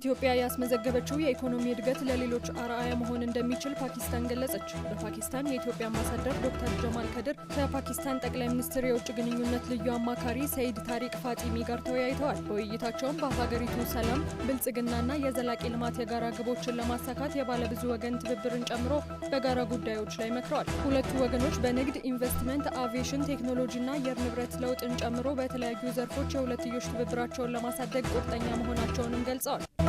ኢትዮጵያ ያስመዘገበችው የኢኮኖሚ እድገት ለሌሎች አርአያ መሆን እንደሚችል ፓኪስታን ገለጸች። በፓኪስታን የኢትዮጵያ አምባሳደር ዶክተር ጀማል ከድር ከፓኪስታን ጠቅላይ ሚኒስትር የውጭ ግንኙነት ልዩ አማካሪ ሰይድ ታሪቅ ፋጢሚ ጋር ተወያይተዋል። በውይይታቸውም በሀገሪቱ ሰላም፣ ብልጽግናና የዘላቂ ልማት የጋራ ግቦችን ለማሳካት የባለብዙ ወገን ትብብርን ጨምሮ በጋራ ጉዳዮች ላይ መክረዋል። ሁለቱ ወገኖች በንግድ ኢንቨስትመንት፣ አቪዬሽን፣ ቴክኖሎጂና አየር ንብረት ለውጥን ጨምሮ በተለያዩ ዘርፎች የሁለትዮሽ ትብብራቸውን ለማሳደግ ቁርጠኛ መሆናቸውንም ገልጸዋል።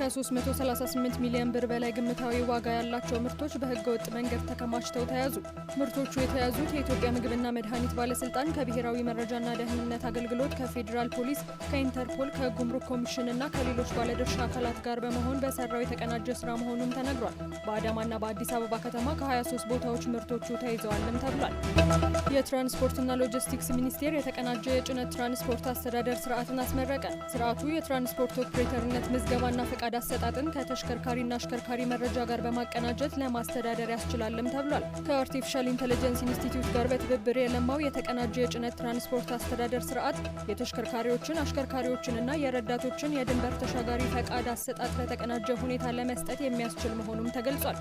ከ338 ሚሊዮን ብር በላይ ግምታዊ ዋጋ ያላቸው ምርቶች በህገ ወጥ መንገድ ተከማችተው ተያዙ። ምርቶቹ የተያዙት የኢትዮጵያ ምግብና መድኃኒት ባለስልጣን ከብሔራዊ መረጃና ደህንነት አገልግሎት፣ ከፌዴራል ፖሊስ፣ ከኢንተርፖል፣ ከጉምሩክ ኮሚሽን እና ከሌሎች ባለድርሻ አካላት ጋር በመሆን በሰራው የተቀናጀ ስራ መሆኑም ተነግሯል። በአዳማና በአዲስ አበባ ከተማ ከ23 ቦታዎች ምርቶቹ ተይዘዋልም ተብሏል። የትራንስፖርትና ሎጂስቲክስ ሚኒስቴር የተቀናጀ የጭነት ትራንስፖርት አስተዳደር ስርዓትን አስመረቀ። ስርዓቱ የትራንስፖርት ኦፕሬተርነት ምዝገባና ፈቃድ ፈቃድ አሰጣጥን ከተሽከርካሪና አሽከርካሪ መረጃ ጋር በማቀናጀት ለማስተዳደር ያስችላልም ተብሏል። ከአርቲፊሻል ኢንቴሊጀንስ ኢንስቲትዩት ጋር በትብብር የለማው የተቀናጀ የጭነት ትራንስፖርት አስተዳደር ስርዓት የተሽከርካሪዎችን አሽከርካሪዎችንና የረዳቶችን የድንበር ተሻጋሪ ፈቃድ አሰጣጥ በተቀናጀ ሁኔታ ለመስጠት የሚያስችል መሆኑም ተገልጿል።